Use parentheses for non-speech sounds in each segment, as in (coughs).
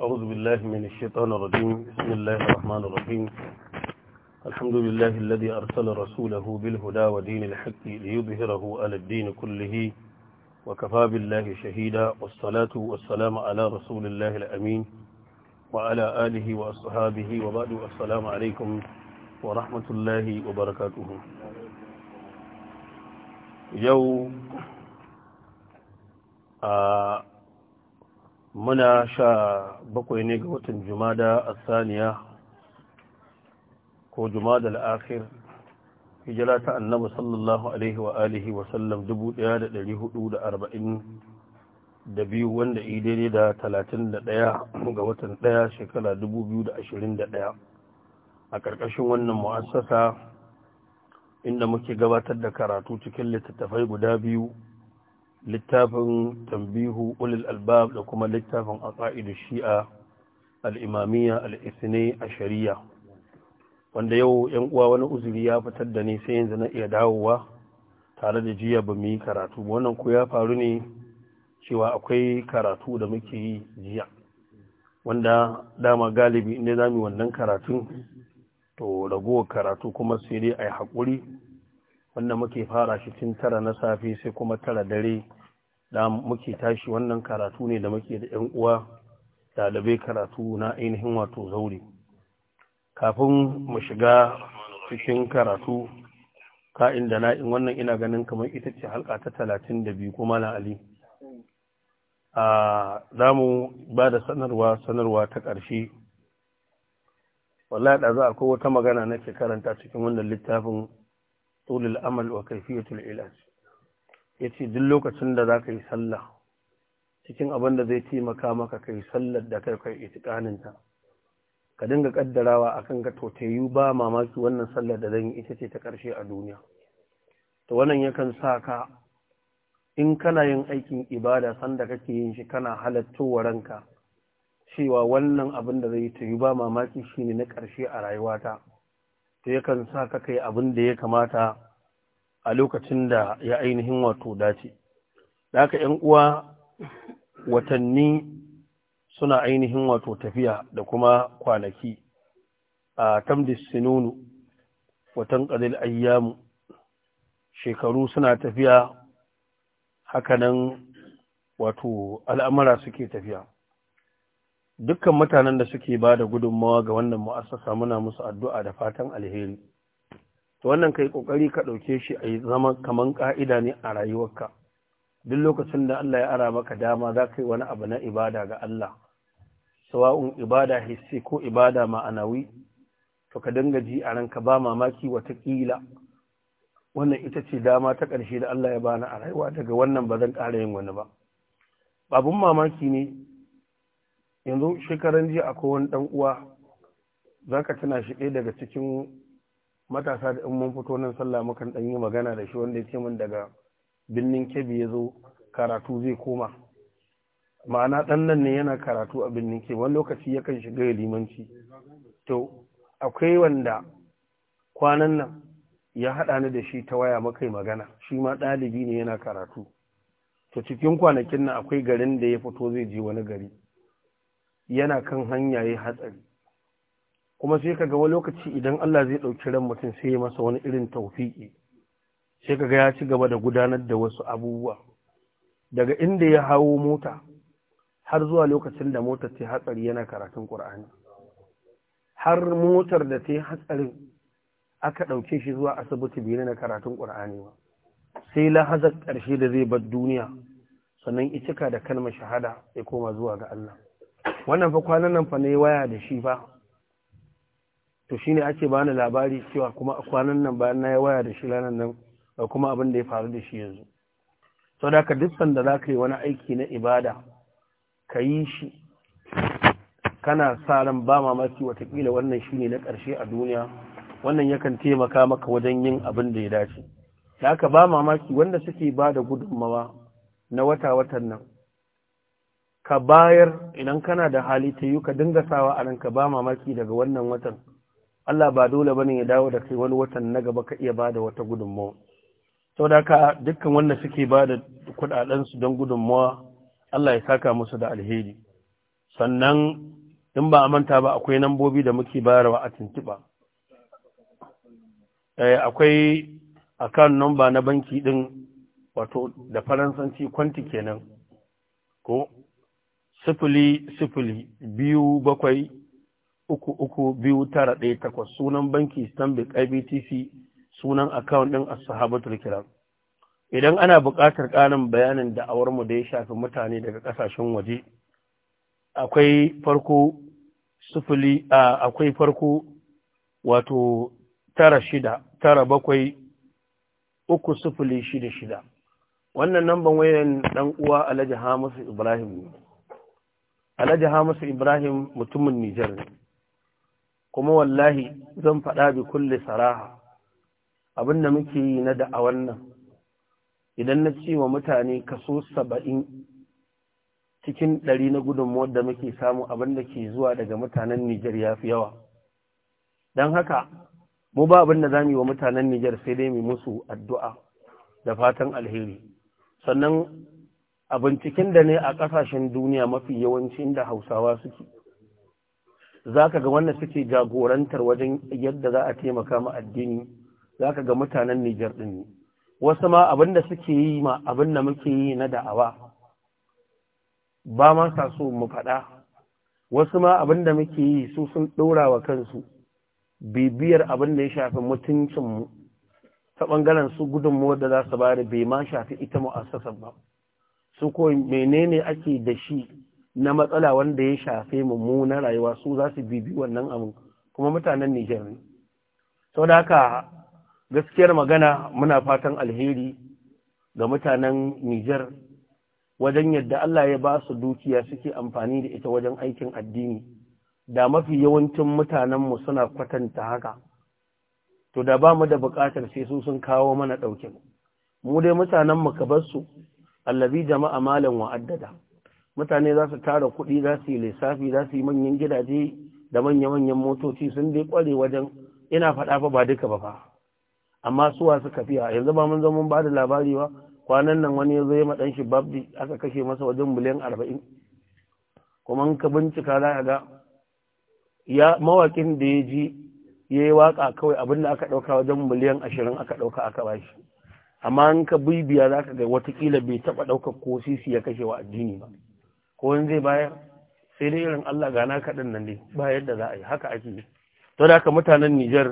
أعوذ بالله من الشيطان الرجيم بسم الله الرحمن الرحيم الحمد لله الذي أرسل رسوله بالهدى ودين الحق ليظهره على الدين كله وكفى بالله شهيدا والصلاة والسلام على رسول الله الأمين وعلى آله وأصحابه وبعد السلام عليكم ورحمة الله وبركاته يوم آه muna sha bakwai ne ga watan jumada a saniya ko jumada al'akhir hijira ta annabi sallallahu alaihi wa alihi wa sallam 1442 wanda idai da 31 ga watan daya shekara 2021 a ƙarƙashin wannan mu'assasa inda muke gabatar da karatu cikin littattafai guda biyu littafin tambihu ulil albab da kuma littafin aqaidu shi'a al-imamiyya al a shari'a. wanda yau yan uwa wani uzuri ya fitar da ni sai yanzu na iya dawowa tare da jiya ba mu yi karatu wannan ko ya faru ne cewa akwai karatu da muke yi jiya wanda dama galibi inda zamu wannan karatun to ragowar karatu kuma sai dai ai hakuri Wannan muke fara shi tun tara na safe sai kuma tara dare da muke tashi wannan karatu ne da muke da 'yan uwa ɗalibai karatu na ainihin wato zaure kafin mu shiga cikin karatu ka'in da na'in wannan ina ganin kamar ita ce halka ta talatin da biyu kuma na ali a zamu ba da sanarwa sanarwa ta ƙarshe wallahi za a wata magana nake karanta cikin wannan littafin طول amal وكيفيه العلاج ilaj yace duk lokacin da zaka yi sallah cikin abin da zai taimaka maka kai sallar da kai kai itikanin ta ka dinga kaddarawa akan ka totayu ba mamaki wannan sallar da zan yi ita ce ta karshe a duniya to wannan yakan sa ka in kana yin aikin ibada sanda kake yin shi kana halattowa ranka cewa wannan abin da zai ta yi ba mamaki shine na karshe a rayuwata ta yakan sa ka kai abin da ya kamata a lokacin da ya ainihin wato dace da haka ‘yan uwa watanni suna ainihin wato tafiya da kuma kwanaki a tamdis sinunu watan ƙalil ayyamu shekaru suna tafiya hakanan wato al'amura suke tafiya dukkan mutanen da suke ba da gudunmawa ga wannan mu'assasa muna musu addu'a da fatan alheri to wannan kai kokari ka dauke shi a zama kaman ka'ida ne a rayuwarka duk lokacin da Allah ya ara maka dama za ka yi wani abu na ibada ga Allah sawa'un ibada hissi ko ibada ma'anawi to ka dinga ji a ranka ba mamaki watakila wannan ita ce dama ta ƙarshe da Allah ya bani a rayuwa daga wannan ba zan ƙara yin wani ba babun mamaki ne yanzu shekaran jiya akwai wani ɗan uwa za ka tuna shi ɗaya daga cikin matasa da in mun fito nan sallah mukan ɗan yi magana da shi wanda ya ce min daga birnin kebbi ya zo karatu zai koma ma'ana ɗan nan ne yana karatu a birnin kebbi wani lokaci yakan shiga ya limanci to akwai wanda kwanan nan ya haɗa ni da shi ta waya makai magana shi ma ɗalibi ne yana karatu to cikin kwanakin nan akwai garin da ya fito zai je wani gari yana kan hanya hatsari kuma sai ka ga wani lokaci idan Allah zai ɗauki ran mutum sai ya masa wani irin taufiƙi sai ka ga ya ci gaba da gudanar da wasu abubuwa daga inda ya hawo mota har zuwa lokacin da motar ta hatsari yana karatun Qur'ani har motar da ta hatsarin aka ɗauke shi zuwa asibiti bai na karatun Qur'ani ba sai lahazar ƙarshe da zai bar duniya sannan icika da kalmar shahada ya koma zuwa ga Allah wannan fa kwanan nan fa ne waya da shi ba, to shine ake bani labari cewa kuma kwanan nan bayan na yi waya da shi ranar nan da kuma abin da ya faru da shi yanzu sau da ka dukkan da za ka yi wani aiki na ibada ka yi shi kana sa ran ba mamaki watakila wannan shi na ƙarshe a duniya wannan yakan taimaka maka wajen yin abin da ya dace da aka ba mamaki wanda suke ba da gudunmawa na wata-watan nan ka bayar idan kana da hali ta yi ka dinga sawa a ka ba mamaki daga wannan watan Allah ba dole bane ya dawo da kai wani watan na gaba ka iya bada wata gudunmawa saboda ka dukkan wanda suke bada kudaden su don gudunmawa Allah ya saka musu da alheri sannan in ba a manta ba akwai nambobi da muke bayarwa a tuntuba eh akwai akan namba na banki ɗin wato da faransanci kwanti kenan ko sifili sifili biyu bakwai uku uku biyu tara ɗaya takwas sunan banki stanbic ibtc sunan akawun ɗin asahabatul kiram idan ana buƙatar ƙarin bayanin da'awarmu da ya shafi mutane daga ƙasashen waje akwai farko akwai farko wato tara shida tara bakwai uku sifili shida shida wannan namban wayan ɗan uwa alhaji hamisu ibrahim ne alhaji hamisu ibrahim mutumin nijar ne kuma wallahi zan faɗa bi kulle saraha abinda muke yi na da'awan nan idan na ce wa mutane kaso saba'in cikin ɗari na gudunmuwar da muke samu abinda ke zuwa daga mutanen nijar ya fi yawa don haka mu ba abinda za mu yi wa mutanen nijar sai dai mu musu addu'a da fatan alheri sannan a binciken da ne a ƙasashen duniya mafi yawanci da hausawa suke za ka ga wanda suke jagorantar wajen yadda za a taimaka ma addini za ka ga mutanen nijar ɗin ne wasu ma abin da suke yi ma abin da muke yi na da'awa ba ma sa so mu faɗa wasu ma abin da muke yi su sun ɗora wa kansu bibiyar abin da ya shafi mutuncinmu ta ɓangaren su gudunmu da za su bari bai ma shafi ita mu'assasar ba su ko menene ake da shi na matsala wanda ya shafe mu na rayuwa su za su bibi wannan abu kuma mutanen Nijar ne sau da haka gaskiyar magana muna fatan alheri ga mutanen Nijar wajen yadda Allah ya ba su dukiya suke amfani da ita wajen aikin addini da mafi yawancin mutanenmu suna kwatanta haka to da ba mu da bukatar sai su sun kawo mana ɗaukin mu dai mutanenmu ka bar su allazi jama'a malan wa addada mutane za su tara kuɗi za su yi lissafi za su yi manyan gidaje da manya-manyan motoci sun dai kware wajen ina faɗa fa ba duka ba fa amma suwa suka fiya yanzu ba mun zama ba da labari ba kwanan nan wani ya zo ya shi babdi aka kashe masa wajen miliyan arba'in kuma in ka bincika za ga ya mawakin da ya ji ya yi waƙa kawai abin da aka ɗauka wajen miliyan ashirin aka ɗauka aka bashi amma in ka bibiya za ka ga watakila bai taɓa ɗaukar ko sisi ya kashe wa addini ba ko in zai bayar sai dai irin Allah gana kaɗan nan dai ba yadda za a yi haka ake yi to da haka mutanen Nijar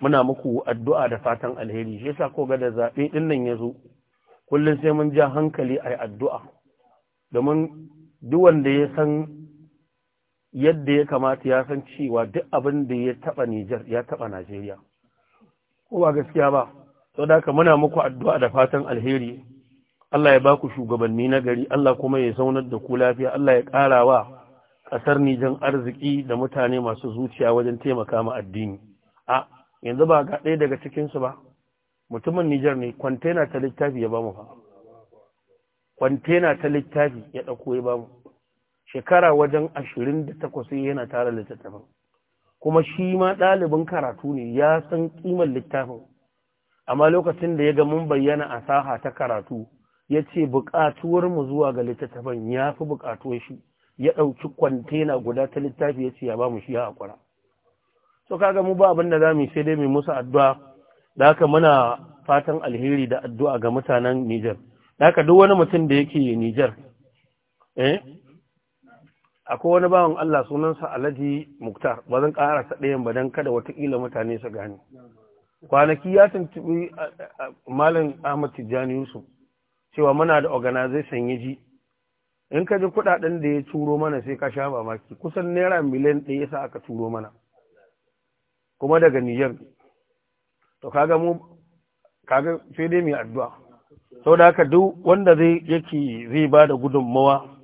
muna muku addu'a da fatan alheri shi yasa ko ga da zaɓe ɗin nan ya zo kullum sai mun ja hankali a yi addu'a domin duk wanda ya san yadda ya kamata ya san cewa duk abin da ya taɓa Nijar ya taɓa Najeriya. Ko ba gaskiya ba, saboda haka muna muku addu'a da fatan alheri Allah ya baku shugabanni na gari Allah kuma ya zaunar da ku lafiya Allah ya wa ƙasar Nijan arziki da mutane masu zuciya wajen taimaka ma addini a yanzu ba ga ɗaya daga cikin su ba mutumin Nijar ne kwantena ta littafi ya bamu fa kwantena ta littafi ya ɗauko ya bamu shekara wajen ashirin da yana tara littattafan kuma shi ma ɗalibin karatu ne ya san ƙimar littafin amma lokacin da ya ga mun bayyana a saha ta karatu ya ce mu zuwa ga littattafan ya fi buƙatuwar shi ya ɗauki kwantena guda ta littafi ya ce ya ba mu shi ya haƙura so kaga mu ba abin da za mu sai dai mu musu addu'a da haka muna fatan alheri da addu'a ga mutanen Nijar da haka duk wani mutum da yake Nijar eh akwai wani bawan Allah sunansa Alhaji Muktar ba zan ƙara sa ɗayan ba dan kada watakila mutane su gane kwanaki ya tuntubi malam ahmad tijjani yusuf cewa muna da organization ya ji in ka ji kuɗaɗen da ya turo mana sai ka sha mamaki kusan naira miliyan ɗaya yasa aka turo mana kuma daga niger to kaga mu kaga sai dai mai addu'a sau da haka duk wanda zai yake zai ba da gudunmawa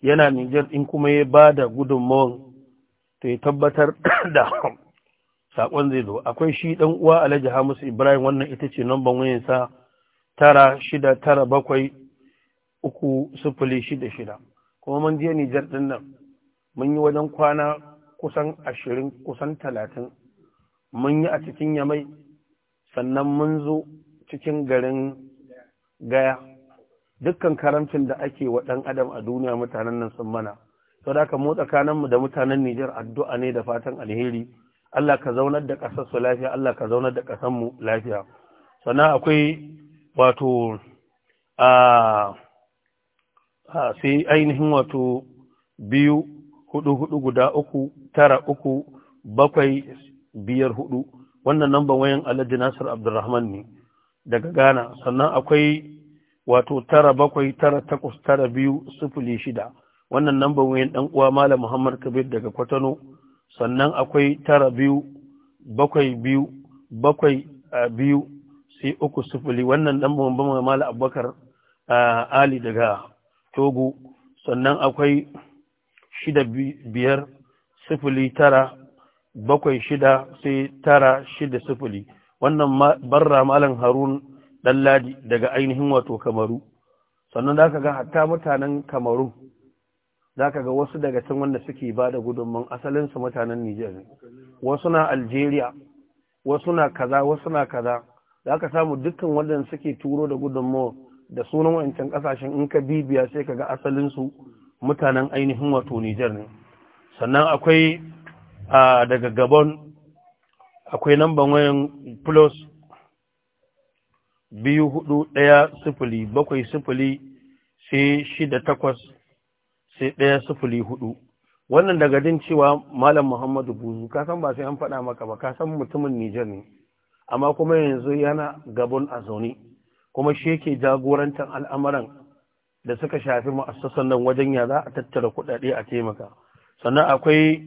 yana niger in kuma ya ba da gudunmawan to ya tabbatar (coughs) da sakon zai zo akwai shi dan uwa Alhaji Hamisu Ibrahim wannan ita ce number wayan sa tara shida tara bakwai uku kuma mun je Nijar din nan mun yi wajen kwana kusan ashirin kusan talatin mun yi a cikin yamai sannan mun zo cikin garin gaya dukkan karamcin da ake wa ɗan adam a duniya mutanen nan sun mana saboda da motsa mu da mutanen Nijar addu'a ne da fatan alheri Allah ka zaunar da ƙasar su lafiya Allah ka zaunar da ƙasar mu lafiya sannan akwai wato a sai ainihin wato biyu hudu hudu guda uku tara uku bakwai biyar hudu wannan namban wayan alhaji nasir abdulrahman ne daga ghana sannan akwai wato tara bakwai tara takwas tara biyu sufuli shida wannan namban wayan dan uwa malam muhammad kabir daga kwatano sannan akwai tara biyu bakwai biyu bakwai biyu sai uku sufuli wannan dan bambam mala abubakar ali daga togo sannan akwai shida biyar sufuli tara bakwai shida sai tara shida sufuli wannan barra malam harun ladi daga ainihin wato kamaru sannan za ka ga hatta mutanen kamaru za ka ga wasu daga cin wanda suke ba da gudunman asalinsu mutanen Nijar ne, wasu na Algeria, wasu na kaza, wasu na kaza, za ka samu dukkan wanda suke turo da gudunmawa da sunan wancan kasashen in ka bibiya sai ka ga asalinsu mutanen ainihin wato Nijar ne. Sannan akwai daga Gabon, akwai namban wayan plus biyu hudu ɗaya sifili, bakwai sifili sai shida takwas sai ɗaya sufuli hudu wannan daga din cewa malam muhammadu buzu ka san ba sai an faɗa maka ba ka san mutumin nijar ne amma kuma yanzu yana gabon a zaune kuma shi yake jagorantar al'amuran da suka shafi ma'assasan nan wajen ya za a tattara kuɗaɗe a taimaka sannan akwai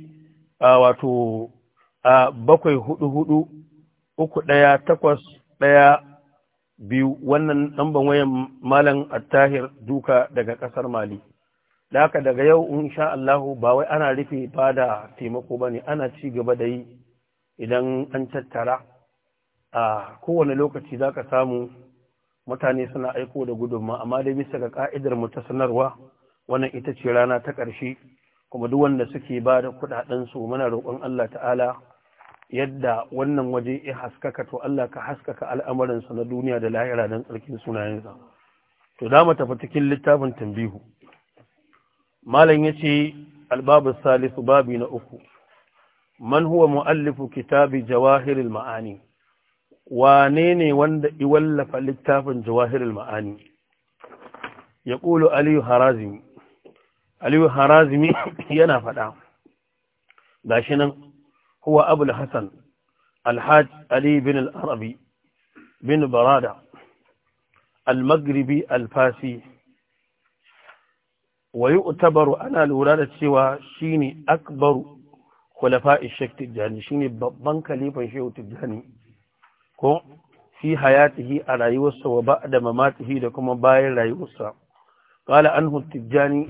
a wato a bakwai hudu hudu uku ɗaya takwas ɗaya biyu wannan ɗan wayan malam attahir duka daga ƙasar mali da haka daga yau in insha Allahu ba wai ana rufe ba da taimako ba ne ana ci gaba da yi idan an tattara a kowane lokaci za ka samu mutane suna aiko da gudunma amma dai bisa ga ka'idar mu ta sanarwa wannan ita ce rana ta ƙarshe kuma duk wanda suke ba da kuɗaɗen su muna roƙon Allah ta'ala yadda wannan waje ya haskaka to Allah ka haskaka al'amuransu na duniya da lahira don tsarkin sunayensa to da mu tafi cikin littafin tambihu مالن يتي الباب الثالث بابنا أخو من هو مؤلف كتاب جواهر المعاني وانيني واند اولف لكتاب جواهر المعاني يقول علي هرازم علي هرازم ينافد داشنا هو أبو الحسن الحاج علي بن العربي بن برادة المغربي الفاسي wa utabaru ana lura da cewa shi ne akbaru khulafa'i ishek Tijjani shi ne babban kalifan Shehu Tijjani ko fi hayatihi a rayuwarsa wa da mamatihi da kuma bayan rayuwarsa kala anhu Tijjani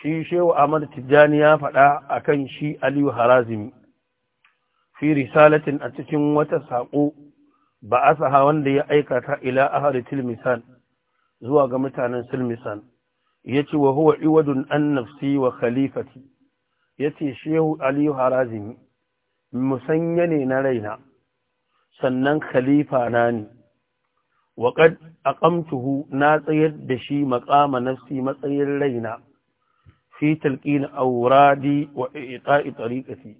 shi Shehu Ahmad Tijjani ya faɗa kan shi Aliyu Harazimi fi risalatin a cikin wata saƙo ba asaha wanda ya aikata ila ahari tilmisan zuwa ga mutanen silmisan ya ce wa huwa iwadun an nafsi wa khalifati ya ce shehu aliyu harazimi musanya ne na raina sannan khalifa na ne A aƙamtuhu na tsayar da shi maƙama nafsi matsayin raina fi talqin auradi wa ita'i tariqati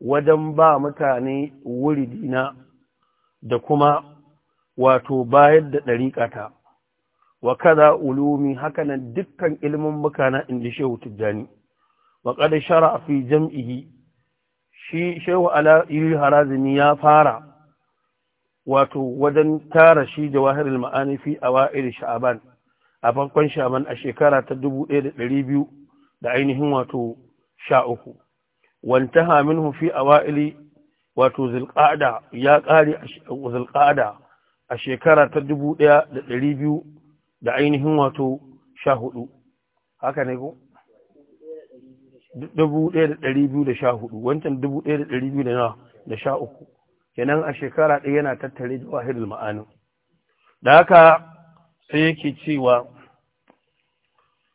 wajen ba mutane wuri dina da kuma wato bayar da ɗariƙata wa kada ulumi hakanan dukkan ilimin na inda shehu tijjani wa kada shara fi jam'ihi shi shehu ala iri harazini ya fara wato wajen tara shi jawahirul ma'ani fi awa'ir sha'aban a farkon sha'aban a shekara ta 1200 da ainihin wato sha uku wantaha minhu fi awa'ili wato zulqa'da ya kare zulqa'da a shekara ta 1200 da ainihin wato sha hudu haka ne ko? dubu ɗaya da ɗari biyu da sha hudu wancan dubu ɗaya da ɗari biyu da sha uku kenan a shekara ɗaya yana tattare da wahirul ma'anin da haka sai yake cewa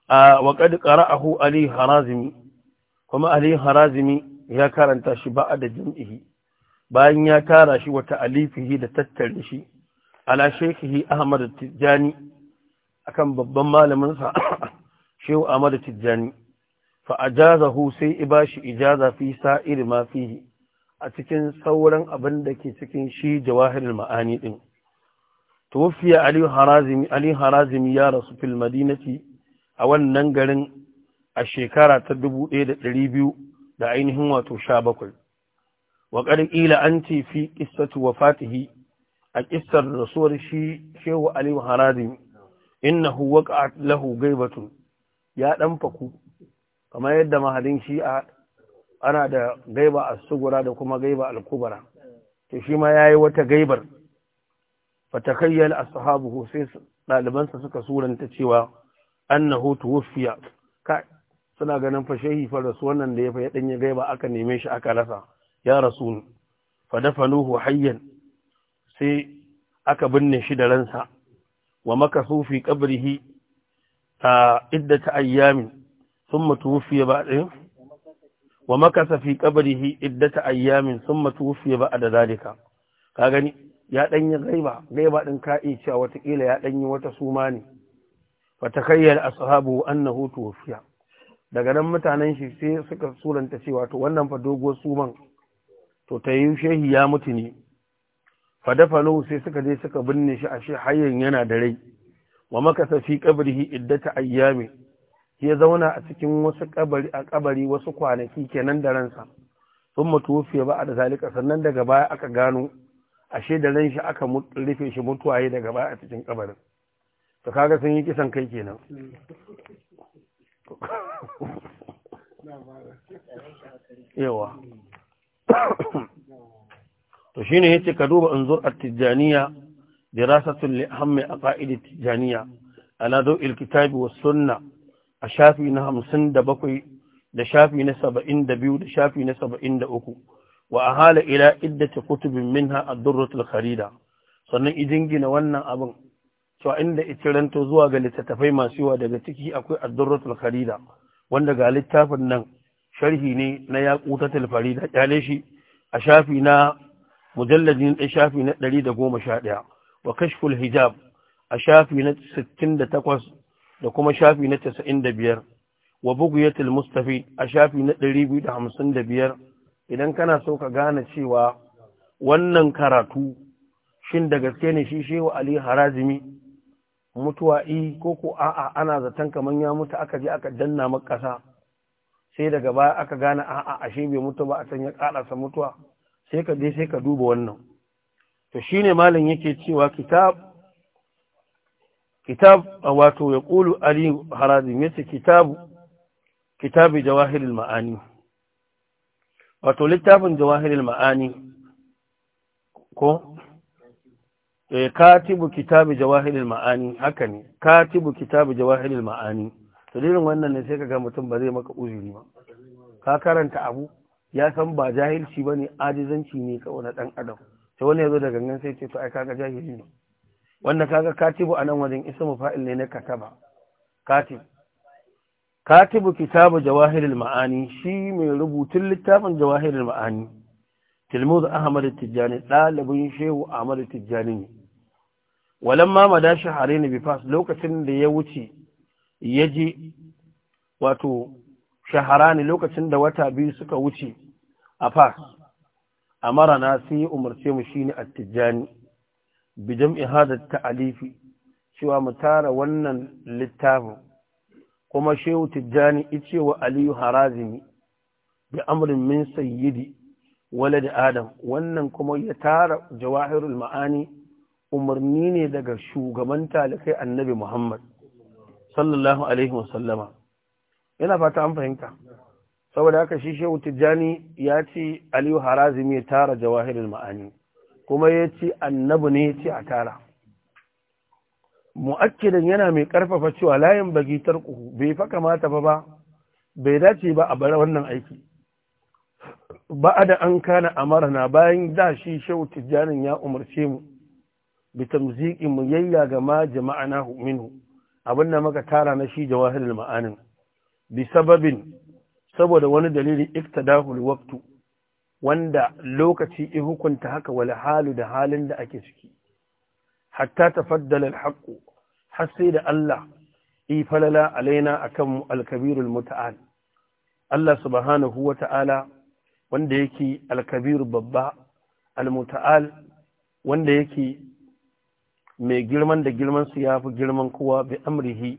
a waƙad ƙara'ahu ali harazimi kuma ali harazimi ya karanta shi ba da jim'ihi bayan ya tara shi wata alifihi da tattare shi ala shekihi ahmad tijjani akan babban malaminsa (coughs) shehu Amadu Tijjani fa ajazahu sai ibashi ijaza fi sa'ir mafihi, a cikin sauran abin da ke cikin shi jawahirul ma'ani din tuwfiya Ali Harazimi Ali Harazimi ya rasu fil a wannan garin a shekara ta ɗaya da biyu da ainihin wato sha wa qad qila anti fi qissati wafatihi a ƙisar rasuwar shehu Ali Harazimi innahu waqa'at lahu gaibatun ya dan faku kamar yadda mahadin shi'a ana da gaiba as-sugura da kuma gaiba al-kubra to shi ma yayi wata gaibar fatakayyal ashabuhu daliban sa suka suranta cewa annahu tuwfiya ka suna ganin fa shehi fa rasu wannan da ya fa ya gaiba aka neme shi aka rasa ya rasul fa dafanuhu hayyan sai aka binne shi da ransa wa makasu fi qabrihi a iddata ayyamin thumma tuwfiya ba'da eh? wa makasa fi qabrihi zalika ka gani ya danyi gaiba gaiba din ka iya cewa watakila ya danyi wata suma ne fa takayyal ashabu annahu tuwfiya daga nan mutanen shi sai suka suranta cewa to wannan fa dogo suman to ta yi shehi ya mutu ne fadafalo sai suka je suka binne shi a shi hayyan yana da rai wa makasa fi kabrihi iddata ayyami ya zauna a cikin wasu kabari a kabari wasu kwanaki kenan da ransa sun mutuwafiya ba a da zalika sannan daga baya aka gano ashe da ran shi aka rufe shi mutuwaye daga baya a cikin kabarin to kaga sun yi kisan kai kenan yawa to shine yace ka duba anzur at-tijaniya dirasatun li ahammi aqaid at-tijaniya ala dawil kitab wa sunna a shafi na 57 da shafi na 72 da shafi na 73 wa ahala ila iddati kutubin minha ad al kharida sannan gina wannan abin to inda itiranto zuwa ga littattafai masu yawa daga ciki akwai ad al kharida wanda ga littafin nan sharhi ne na yaqutatul farida kyale shi a shafi na mujalladin da shafi na 111 wa kashful hijab a shafi na 68 da kuma shafi na 95 wa ya mustafi a shafi na 255 idan kana so ka gane cewa wannan karatu shin da gaske ne shi shehu ali harazimi mutuwa E, ko ko a'a ana zaton kaman ya mutu aka je aka danna ƙasa. sai daga baya aka gane a'a ashe bai mutu ba a can ya karasa mutuwa sai ka je sai ka duba wannan to shine malam yake cewa kitab kitab wato ya ƙulu ali harazim yace kitabu kitabi jawahirul ma'ani wato littafin jawahirul ma'ani ko eh katibu kitabi jawahirul ma'ani haka ne katibu kitabi jawahirul ma'ani to irin wannan ne sai ga mutum ba zai maka uzuri ba ka karanta abu ya san ba jahilci ba ne ajizanci ne kawai na ɗan adam sai wani ya zo da gangan sai ce to ai kaga jahili ne wanda kaga katibu a nan wajen isa fa'il ne na kataba katib katibu kitabu jawahirul ma'ani shi mai rubutun littafin jawahirul ma'ani tilmuz ahmad tijjani dalibin shehu ahmad tijjani ne walamma madashi harin bifas lokacin da ya wuce ji wato shaharani lokacin da wata biyu suka wuce a fas amara na sai ya umarce mu shine at tijjani bi jam'i hada ta'alifi cewa mu tara wannan littafin kuma shehu tijjani ice wa aliyu harazimi bi amrin min sayyidi walad adam wannan kuma ya tara jawahirul ma'ani umarni ne daga shugaban talikai annabi muhammad sallallahu alaihi wasallama yana fata an fahimta saboda haka shi shehu tijjani ya ce aliyu harazimi ya tara jawahirin ma'ani kuma ya ce Annabu ne ya ce a tara mu'akkidan yana mai karfafa cewa layin bagi tarkuhu bai fa kamata ba bai dace ba a bar wannan aiki ba da an kana na bayan da shi shehu tijjanin ya umarce mu bi tamziki mu yayya ga ma jama'ana minhu abin da muka tara na shi jawahirin ma'anin bi sababin saboda wani dalili iftadahul waqtu wanda lokaci ya hukunta haka wal halu da halin da ake ciki hatta tafaddala al-haqqu har sai da Allah yi falala alaina akan al-kabirul muta'al Allah subhanahu wata'ala wanda yake al-kabir babba al-muta'al wanda yake mai girman da girman su yafi girman kowa bi amrihi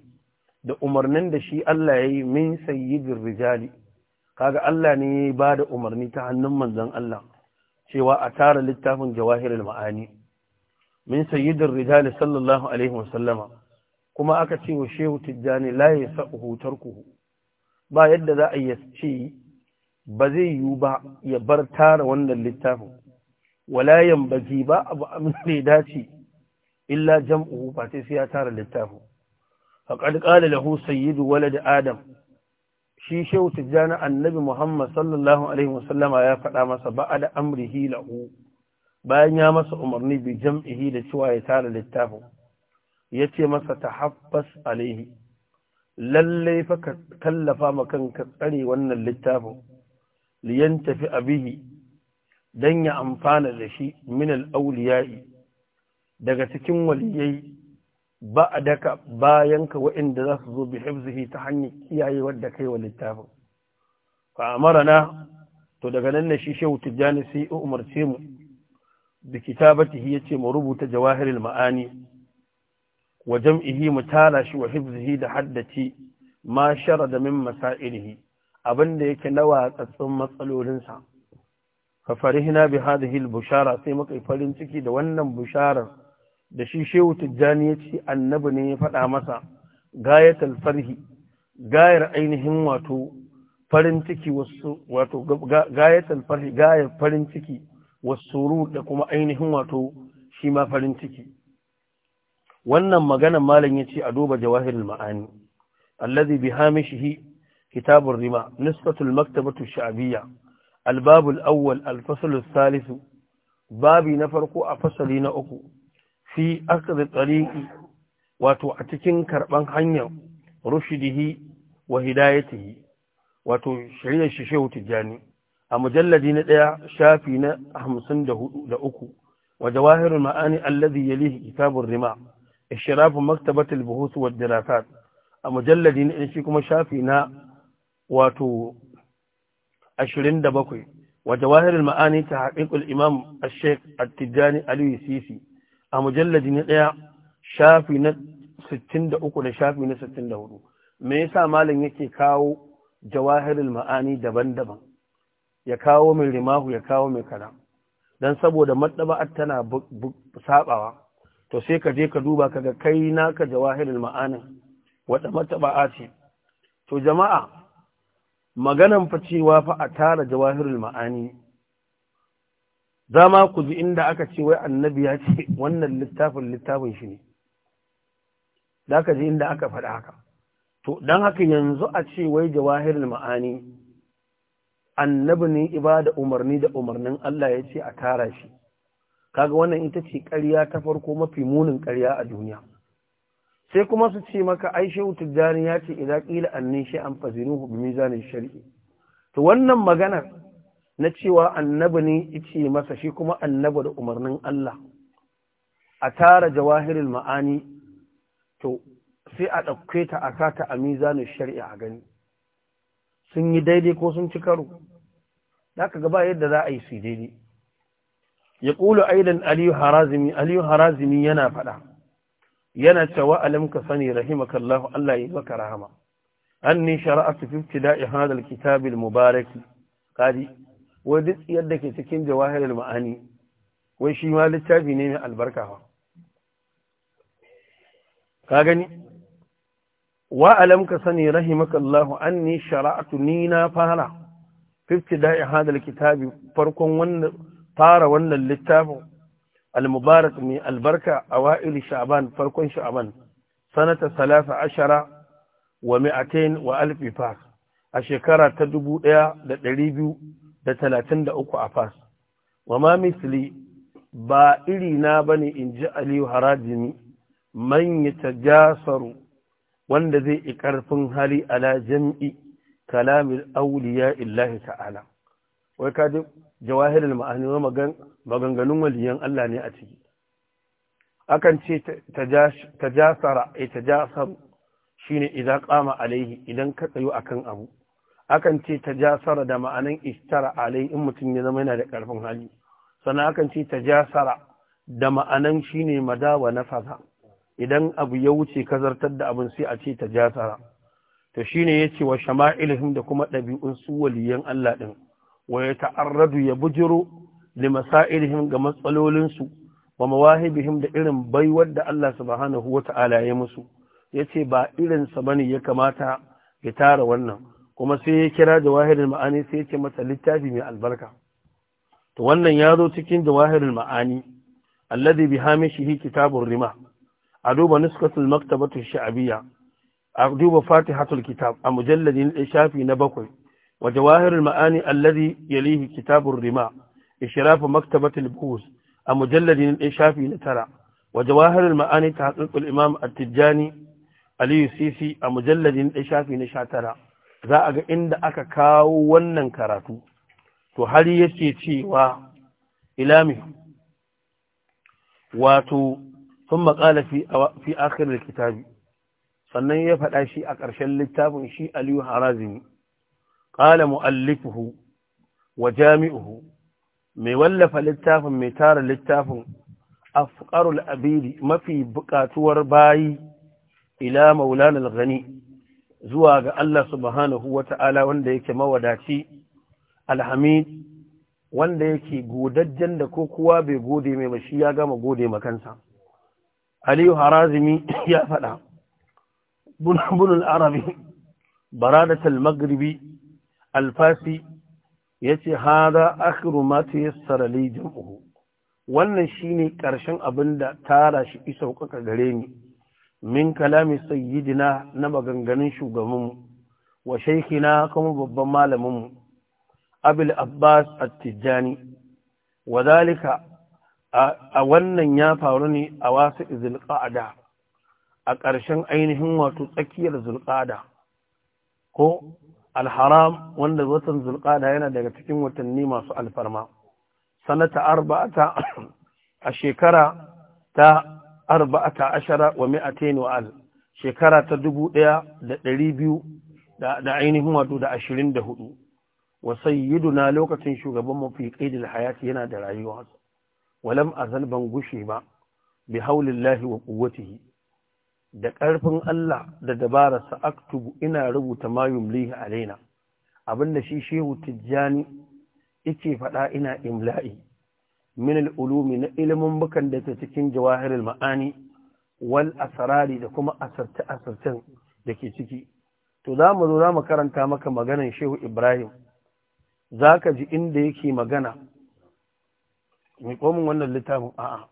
da umarnin da shi Allah yayi min sayyidir rijali kaga Allah ne ya ba da umarni ta hannun manzon Allah cewa a tara littafin jawahirul ma'ani min sayyidir rijal sallallahu alaihi wasallama kuma aka ce wa shehu tijjani la yasahu tarkuhu ba yadda za a yace ba zai yiwu ba ya bar tara wannan littafin wala yambaji ba abu amin da dace illa Jam'u ba sai ya tara littafin faqad qala lahu sayyidu walad adam shi shehu tijjani annabi muhammad sallallahu alaihi wasallama ya faɗa masa Ba'ada da amrihi lahu bayan ya masa umarni bi jam'ihi da cewa ya tara littafin ya ce masa tahaffas alaihi lalle fa ka kallafa ma kanka tsare wannan littafin liyan tafi abihi dan ya amfana da shi min al-awliya'i daga cikin waliyai ba a daka bayanka waɗanda za su zo bi hifzihi ta hanyar iyaye wadda kai wa littafin fa na? to daga nan na shi shehu tijjani sai ya umarce mu bi kitabatihi yace mu rubuta jawahirin ma'ani wa jam'ihi mu tara shi wa hifzihi da haddaci ma da min masailihi abinda yake na watsatsun matsalolinsa fa farihna bi hadhihi al-bushara sai muka farin ciki da wannan busharar da shi shehu tijjani ya ce annabi ne ya faɗa masa gayatul farhi gayar ainihin wato farin ciki wasu wato gayar farin ciki wasu da kuma ainihin wato shi ma farin ciki wannan maganan malam ce a duba jawahirul ma'ani allazi bi hamishihi Kitabun rima nisbatul maktabatu sha'biyya albabul awwal alfasl Salisu, babi na farko a fasali na uku fi akhdhi tariqi wato a cikin karban hanyar rushdihi wa hidayatihi wato shari'ar shi tijjani a mujalladi na ɗaya shafi na hamsin da uku wa jawahirul ma'ani alladhi yalihi kitabun rima ishrafu maktabatul buhus wad dirasat a mujalladi na shi kuma shafi na wato 27 wa jawahirul ma'ani tahqiqul imam ash-shaykh at-tijjani Aliyu sisi a mujalladi na ɗaya shafi na 63 da shafi na 64 me yasa malam yake kawo jawahirul ma'ani daban-daban ya kawo mai rimahu ya kawo mai kara dan saboda maddaba'at tana sabawa to sai ka je ka duba kaga kai naka jawahirul ma'anin wata mataba'a ce to jama'a maganan fa cewa fa a tara jawahirul ma'ani za ma ku ji inda aka ce wai annabi ya ce wannan littafin littafin shi ne da aka ji inda aka faɗa haka to don haka yanzu a ce wai jawahirul ma'ani annabi ne ibada umarni da umarnin Allah ya ce a tara shi kaga wannan ita ce ƙarya ta farko mafi munin ƙarya a duniya sai kuma su ce maka ai shehu tijjani ya ce idan ƙila annin shi an fazinuhu bi mizanin shari'i to wannan maganar na cewa annabi ne ice masa shi kuma annabi da umarnin Allah a tara jawahirul ma'ani to sai a ɗauke ta a sata a mizanin shari'a a gani sun yi daidai ko sun ci karo ka gaba yadda za a yi su daidai ya ƙulu aidan aliyu harazimi aliyu harazimi yana faɗa yana cewa alam ka sani rahimakallahu Allah ya maka rahama anni shara'atu fi ibtida'i hadha al-kitab al-mubarak Kadi. wai duk yadda ke cikin jawahirul ma'ani wai shi ma littafi ne mai albarka ka gani wa alam ka sani rahimakallahu anni shara'atu ni na fara fiftida'i hadal kitabi farkon wannan fara wannan littafin al-mubarak mai albarka a awa'il sha'ban farkon sha'ban sanata 13 wa 200 wa alfi fa a shekara ta dubu ɗaya da ɗari biyu. da talatin da uku a fas wa ma misli ba iri na bane in ji aliyu harajini man ya tajasaru wanda zai yi ƙarfin hali ala jam'i kalamin auliya illahi ta'ala wai ka ji jawahirul ma'ani wa maganganun waliyan Allah ne a ciki akan ce tajasara ai eh, tajasaru shine idan qama alaihi idan ka tsayo akan abu akan ce ta jasara da ma'anan ishtara alai in mutum ya zama yana da ƙarfin hali sannan akan ce ta jasara da ma'anan shine madawa na fasa idan abu ya wuce kazartar da abin sai a ce ta jasara to shine yace wa shama'ilihim da kuma ɗabi'un su waliyan Allah ɗin, wa ya ta'arradu ya bujiro li masailihim ga matsalolin su wa mawahibihim da irin baiwar da Allah subhanahu wata'ala ya musu yace ba irin sa bane ya kamata ya tara wannan kuma sai ya kira jawahirin ma'ani sai ya ce masa littafi mai albarka to wannan ya zo cikin jawahirin ma'ani alladhi bi hamishihi kitabur rima a duba nuskatul maktabatu sha'abiyya a duba fatihatul kitab a mujalladin shafi na bakwai wa jawahirul ma'ani alladhi yalihi kitabur rima ishrafu maktabatul buhus a mujalladin shafi na tara wa jawahirul ma'ani tahqiqul imam at-tijani aliyu sisi a mujalladin shafi na 19 za a ga inda aka kawo wannan karatu to har yace cewa ilami wato sun maƙala fi akirar kitabi sannan ya faɗa shi a ƙarshen littafin shi aliyu Harazimi, ƙala mu'allifuhu wa jami'uhu mai wallafa littafin mai tara littafin afqarul abidi mafi buƙatuwar bayi ila maulana al-ghani zuwa ga Allah subhanahu wa ta'ala wanda yake mawadaci alhamid wanda yake godajjen da ko kuwa bai gode mai ba shi ya gama gode makansa Aliyu Harazimi (coughs) ya faɗa bunul arabi baradatul magribi, alfasi ce hada Akiru ma ya li jam'uhu wannan shi ne ƙarshen abin da tara shi isa kaka gare ni min kalami sayyidina na maganganun shugabanmu wa shaikina kuma babban malaminmu abil abbas attijani wa zalika a wannan ya faru ne a wasu zulqa'ada a ƙarshen ainihin wato tsakiyar zulqa'ada ko alharam wanda watan zulqa'ada yana daga cikin watanni masu alfarma sanata arba'ata a shekara ta arba'ata ashara wa mi'atain wa al shekara ta dubu ɗaya da ɗari biyu da ainihin wato da ashirin da hudu wa sayyiduna lokacin shugaban mafi qaidil hayati yana da rayuwa walam azal ban gushe ba bi haulillahi wa quwwatihi da ƙarfin Allah da sa aktubu ina rubuta ma yumlihi alaina abinda shi shehu tijjani yake faɗa ina imla'i min al'ulumi na ilimin bukan da ke cikin jawahirul ma'ani wal asarari da kuma asarce-asarcen da ke ciki to za mu zo za mu karanta maka maganan shehu ibrahim za ka ji inda yake magana mai komin wannan littafin a'a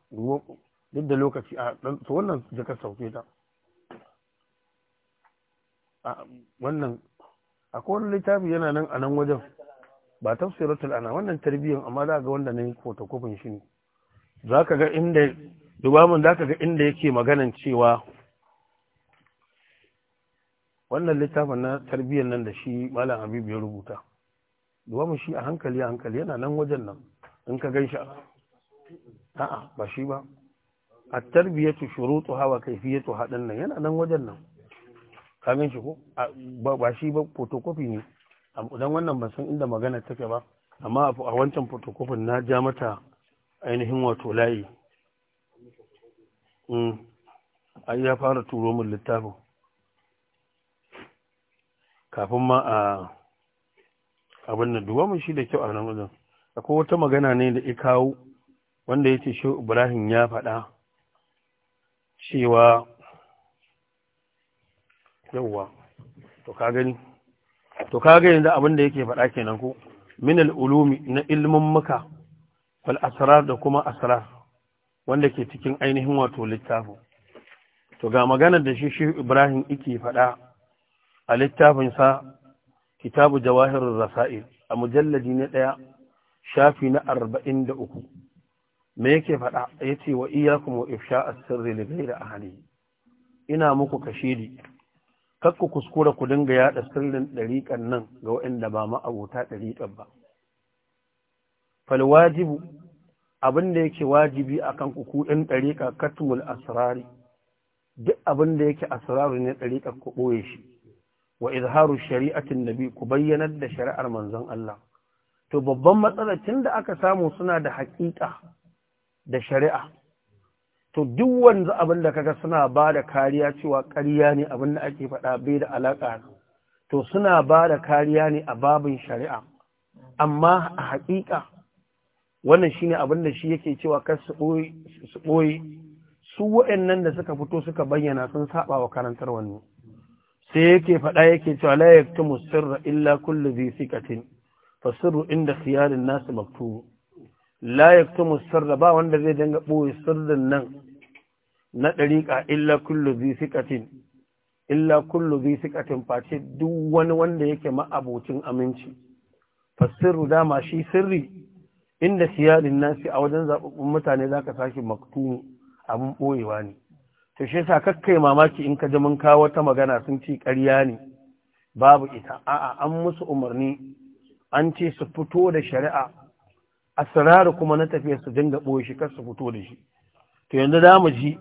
duk da lokaci a to wannan jaka sauke ta a wannan akwai wani littafi yana nan a nan wajen ba tafsiratul ana wannan tarbiyyar amma za ga wanda na yi fotokofin shi ne za ka ga inda dubamin za ka ga inda yake maganan cewa wannan littafin na tarbiyyar nan da shi malam habibu ya rubuta dubamin shi a hankali a hankali yana nan wajen nan in ka gan shi a'a ba shi ba a tarbiyyatu shurutu hawa kaifiyatu haɗin nan yana nan wajen nan ka gan shi ko ba shi ba fotokofi ne dan wannan ban san inda magana take ba amma a wancan fotokofin na ja mata ainihin wato layi mm. ai ya fara turo min littafin kafin ma a abin da duwa mun shi da kyau a nan wajen akwai wata magana ne da ya kawo wanda ya ce shi ibrahim ya faɗa cewa yauwa to ka gani to kaga yanzu abin da yake faɗa kenan ko min ulumi na ilmin muka wal asrar da kuma asrar wanda ke cikin ainihin wato littafi to ga maganar da shi shi Ibrahim yake faɗa a littafin sa kitabu jawahirur rasail a mujalladi na ɗaya shafi na arba'in da uku me yake faɗa yace wa iyyakum wa ifsha a sirri da ahali ina muku kashidi. kakku kuskura ku dinga yaɗa sirrin dariƙan nan ga waɗanda ba ma'abota dariƙan ba falwajibu abin da yake wajibi a kan ku ɗin ɗariƙa katmul asirari duk abin da yake asirari ne ɗariƙa ku ɓoye shi wa izharu shari'atin nabi ku bayyanar da shari'ar manzon Allah to babban matsalar tun da aka samu suna da haƙiƙa da shari'a to duk wanzu abin da kaga suna ba da kariya cewa ƙarya ne abin da ake faɗa bai da alaƙa to suna ba da kariya ne a babin shari'a amma a haƙiƙa wannan ne abin da shi yake cewa kar su ɓoye su waɗannan da suka fito suka bayyana sun saɓa wa karantar wani. sai yake faɗa yake cewa la sirra illa kullu dhi fasiru inda siyarin nasu maktubu la sirra ba wanda zai dinga ɓoye sirrin nan na ɗariƙa illa kullu zai siƙatin illa kullu zi siƙatin face duk wani wanda yake ma'abocin aminci fassiru dama shi sirri inda siyarin nasi a wajen zaɓaɓɓun mutane za ka sake maktumu abin ɓoyewa ne to shi yasa kakkai mamaki in ka ji mun kawo wata magana sun ci ƙarya ne babu ita a'a an musu umarni an ce su fito da shari'a A asrar kuma na tafiya su dinga ɓoye shi kar su fito da shi to yanzu da mu ji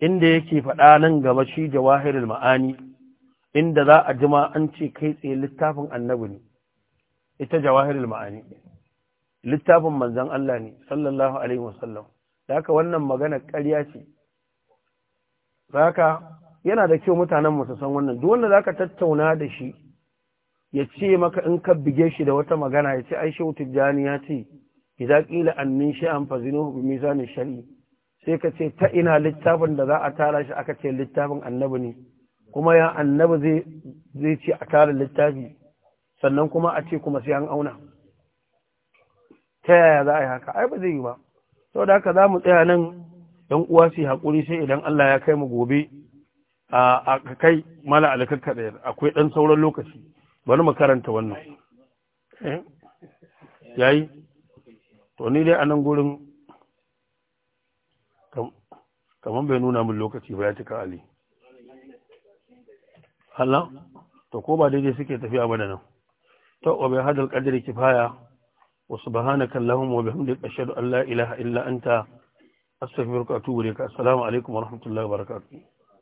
inda yake faɗa nan gaba shi jawahirul ma'ani inda za a jima an ce kai tsaye littafin annabi ne ita jawahirul ma'ani littafin manzon Allah ne sallallahu alaihi wasallam haka wannan magana ƙarya ce haka yana da kyau mutanen mu su san wannan duk wanda zaka tattauna da shi ya ce maka in ka bige shi da wata magana ya ce ai shehu tijjani ya ce idza qila annin sha'an fazinuhu bi mizanin shari'i sai ka ce ta ina littafin da za a tara shi aka ce littafin annabi ne kuma ya annabi zai ce a tara littafi sannan kuma a ce kuma sai an auna ta yaya za a yi haka ai ba zai yi ba sau da haka za mu tsaya nan yan uwa su haƙuri sai idan Allah ya kai mu gobe a kai mala alikakka ɗaya akwai ɗan sauran lokaci bari mu karanta wannan eh? yayi to ni dai a nan gurin kamar bai nuna min lokaci ba ya cika ali Allah to ko ba daidai suke tafiya ba da nan ta wa hadal qadri kifaya wa subhanaka allahumma wa bihamdika ashhadu an la ilaha illa anta astaghfiruka wa atubu ilaik assalamu alaikum wa rahmatullahi wa barakatuh